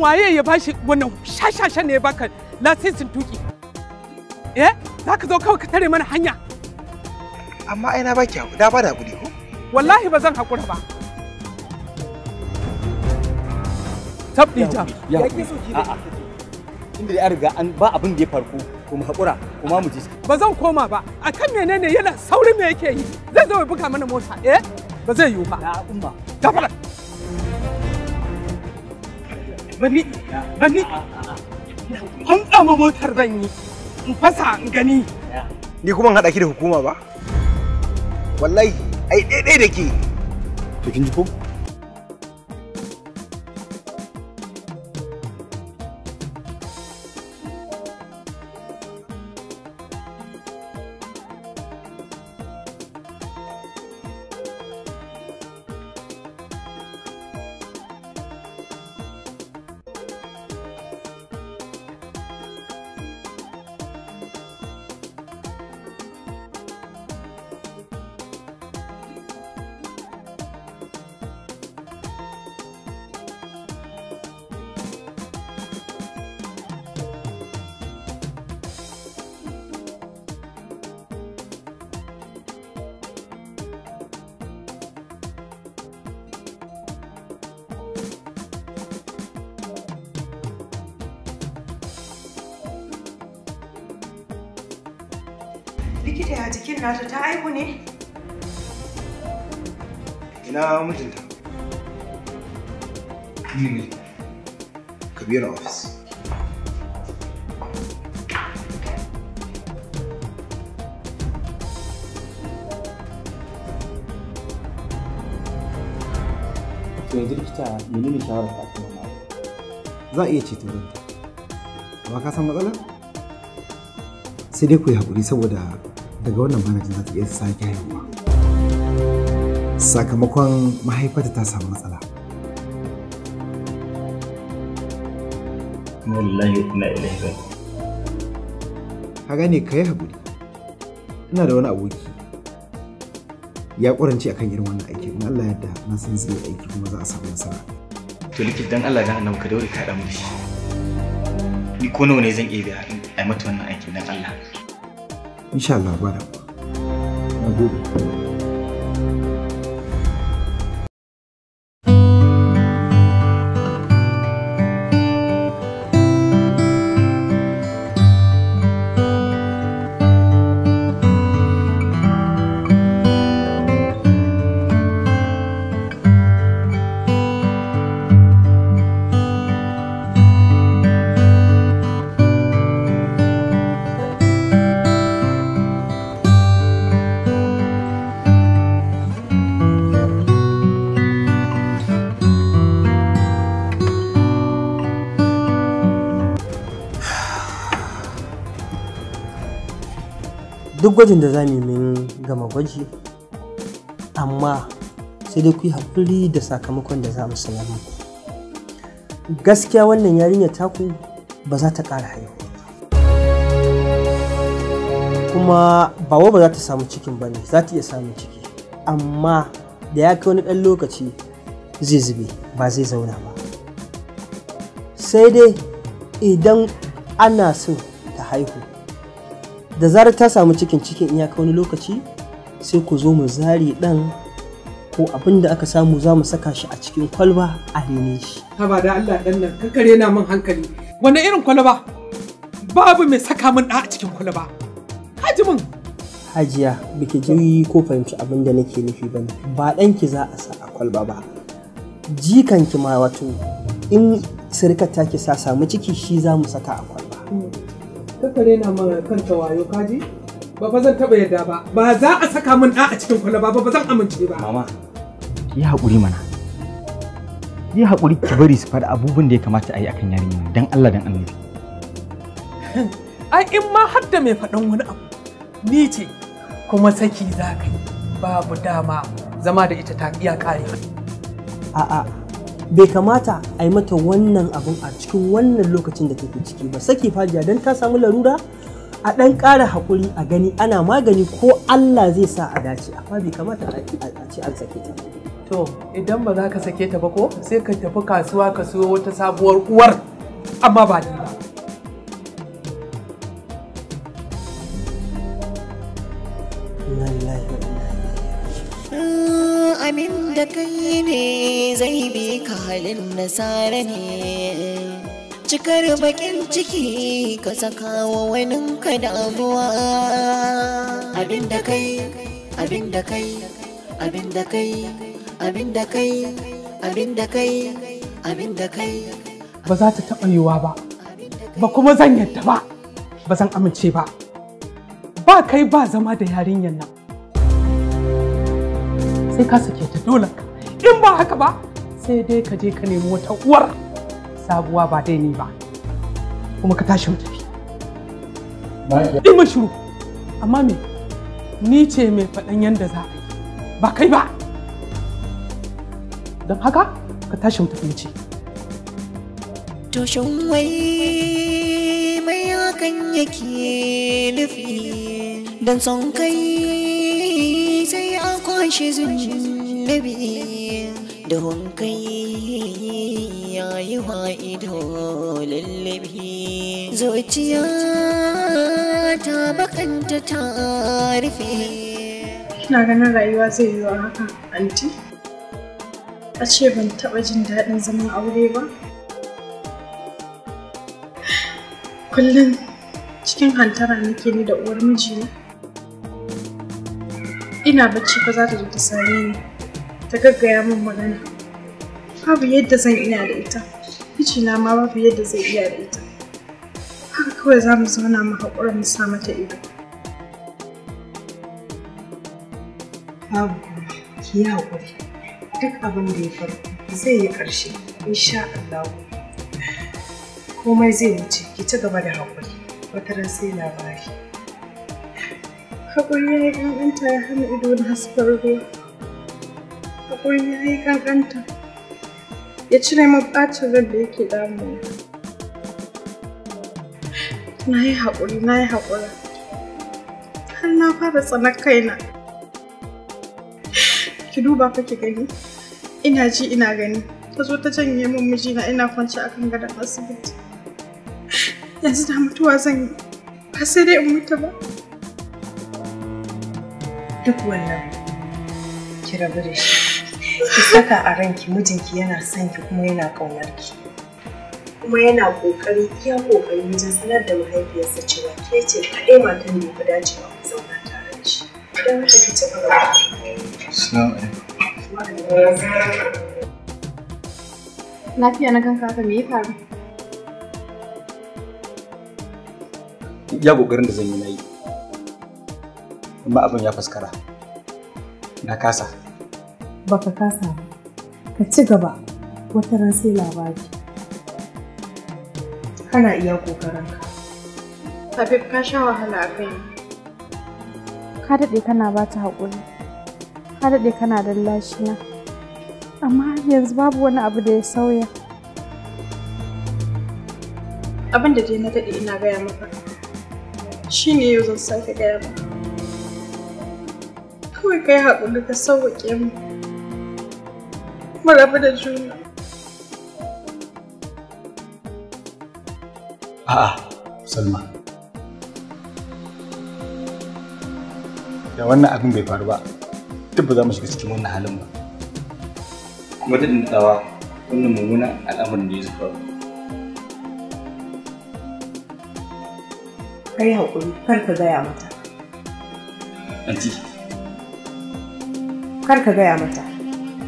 waye ya bashi wannan shashasha ne ya baka lasisin tuki eh za ka zo kawai ka tare mana hanya amma ai na baki da ba da hakuri ko wallahi ba zan hakura ba tabbi jam ya a'a inda ya riga an ba abin da ya farko kuma hakura kuma mu ji ba zan koma ba akan menene yana saurin me yake yi zai zo ya buga mana mota eh ba zai yiwu ba da umma gafara bani bani an tsama motar zan yi in fasa in gani ni kuma in ki da hukuma ba wallahi ai ɗaiɗai da ke to kin ji ko likita ya jikin nata ta aiku ne? Ina mijinta. Ni ne, Kabiru ofis. yanzu likita shawarar ka za a iya ceto ranta amma ka san matsalar sai dai ku yi haƙuri saboda daga wannan mahaifin za ta iya sake haihuwa sakamakon mahaifata ta samu matsala wallahi ina ka gane ka yi haƙuri ina da wani aboki ya ƙwarance akan irin wannan aiki in Allah yadda na san zai aiki kuma za a samu nasara to likita dan Allah dan Allah ka daure ka haɗa mu ni ko nawa ne zan iya biya a mata wannan aikin dan Allah inshallah Allah na gode duk gwajin da za mu yi gama gwaji amma sai dai ku yi haƙuri da sakamakon da za mu sayar muku gaskiya wannan yarinyar taku ba za ta ƙara haihu kuma ba ba za ta samu cikin ba ne za ta iya samun ciki amma da ya kai wani ɗan lokaci zai zube ba zai zauna ba sai dai idan ana son ta haihu da zarar ta samu cikin cikin iyaka wani lokaci sai ku zo mu zare ɗan ko abin da aka samu za mu saka shi a cikin kwalba a rene shi. Haba da Allah ɗan nan kankare na min hankali. Wane irin kwalba? Babu mai saka min ɗa a cikin kwalba. Haji Hajiya, biki ji ko fahimci abin da nake nufi ba Ba ɗanki za a sa a kwalba ba. Jikanki ma wato in sirkar take sa samu ciki shi za mu saka a kwalba. Mm. kakare na ma kanta wayo kaji ba fa zan taba yadda ba ba za a saka min da a cikin kwalaba ba ba zan amince ba mama yi haƙuri mana yi haƙuri ki bari su faɗa abubuwan da ya kamata a yi akan yarinya dan Allah dan annabi ai in ma har da mai faɗan wani abu ni ce kuma saki za ka yi babu dama zama da ita ta iya ƙare a'a bai kamata a yi mata wannan abin a cikin wannan lokacin da take ciki ba saki fajiya don ta samu larura a ɗan ƙara haƙuri a gani ana magani ko Allah zai sa a dace amma bai kamata a ce an sake ta to idan ba za ka sake ta ba ko sai ka tafi kasuwa ka siyo wata sabuwar uwar amma ba ni ba amin da kai ne zai bi ka halin nasara ne cikar bakin ciki ka saka wa ka damuwa abin da kai abin da kai abin da kai abin da kai abin da kai abin da kai ba za ta taɓa yiwuwa ba ba kuma zan yadda ba ba zan amince ba ba kai ba zama da yarinyar nan sai ka sake ta dole in ba haka ba sai dai ka je ka nemi wata uwar sabuwa ba dai ni ba kuma ka tashi mu tafi ma shiru amma me ni ce mai faɗan yadda za a yi ba kai ba don haka ka tashi mu tafi ce Toshin wai mai hakan yake nufi don son kai kashe zunubi da kai ya yi wa lallabi zuciya ta bakanta ta rufe Ina ganin rayuwa zai yi wa haka anti a ce ban taɓa jin daɗin zaman aure ba kullum cikin hantara nake ne da uwar mijina ina bacci fa za ta zo ta same ni ta gaggaya min magana babu yadda zan ina da ita na ma babu yadda zai iya da ita haka kawai za mu zauna mu haƙura mu sa mata ido babu ki yi haƙuri duk abin da ya faru zai yi ƙarshe insha Allah komai zai wuce ki ci gaba da haƙuri wataran sai labari Haƙuri ya yi ƙanƙanta ya hana ido na hasken ruwa. Haƙuri ya yi ƙanƙanta ya cire min ɓacin ran da yake damuwa. Na yi haƙuri, na yi haƙura. Har na fara tsanar kaina. Ki duba fa ki gani. Ina ji ina gani. Ta zo ta janye min mijina ina kwance akan gadon asibiti. Yanzu da mutuwa zan yi. Ba sai dai in mutu ba. duk wannan ki rabu da shi ki saka a ranki mijinki yana son ki kuma yana ƙaunar ki kuma yana kokari iya kokari wajen sanar da mahaifiyarsa cewa ke ce kaɗai matan da ya fi dacewa ku zauna tare da shi don haka ki ci gaba Lafiya na kanka haka me ya faru? Ya ƙoƙarin da zan yi na yi. amma abin ya fuskara na kasa baka kasa ba ka ci gaba wata ran sai labari kana iya kokarinka Habib ka sha wahala a kai ka daɗe kana ba ta haƙuri ka daɗe kana da na amma yanzu babu wani abu da ya sauya abin da dai na daɗe ina gaya maka shine yau zan sake gaya maka kawai kai haƙuri ka sauwaƙe mu mu rabu da juna a'a salma da wannan abin bai faru ba duk ba za mu shiga cikin wannan halin ba kuma da dawa wannan mummunan al'amarin da ya faru kai haƙuri kar ka gaya mata Aji. kar ka gaya mata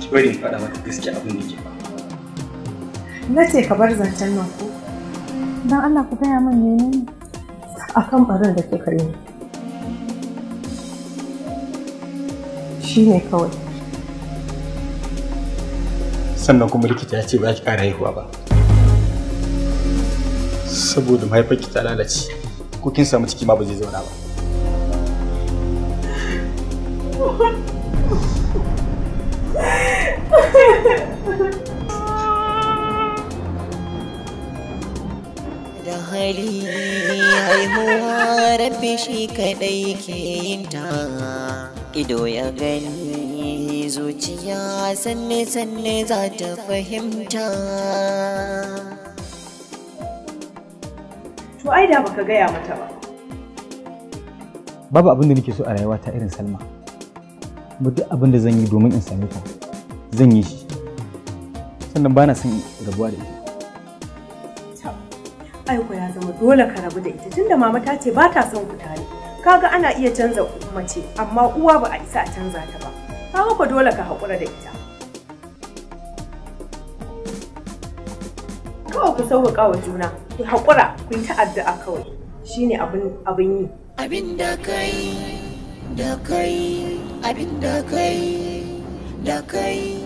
ki bari in faɗa mata gaskiya abin da ke na ce ka bar zancen nan ko don Allah ku gaya min menene akan barin da kika yi shi ne kawai sannan kuma likita ya ce ba ki ƙara haihuwa ba saboda mahaifarki ta lalace ko kin samu ciki ma ba zai zauna ba da hali haihuwa rafi shi kadai ke yin ta ido ya gani zuciya sanne sanne za ta fahimta to ai da baka gaya mata ba babu abin da nake so a rayuwa ta irin salma mu duk abin da zan yi domin in same ta zan yi shi sannan ba na son rabuwa da ita aiko ya zama dole ka rabu da ita tunda mama ta ce ba ta son ku tare kaga ana iya canza mace amma uwa ba a isa a canza ta ba kaga ko dole ka haƙura da ita kawai ku sauƙaƙa wa juna ku haƙura ku yi ta addu'a kawai shine abin abin yi abin da kai da kai abin kai đã cây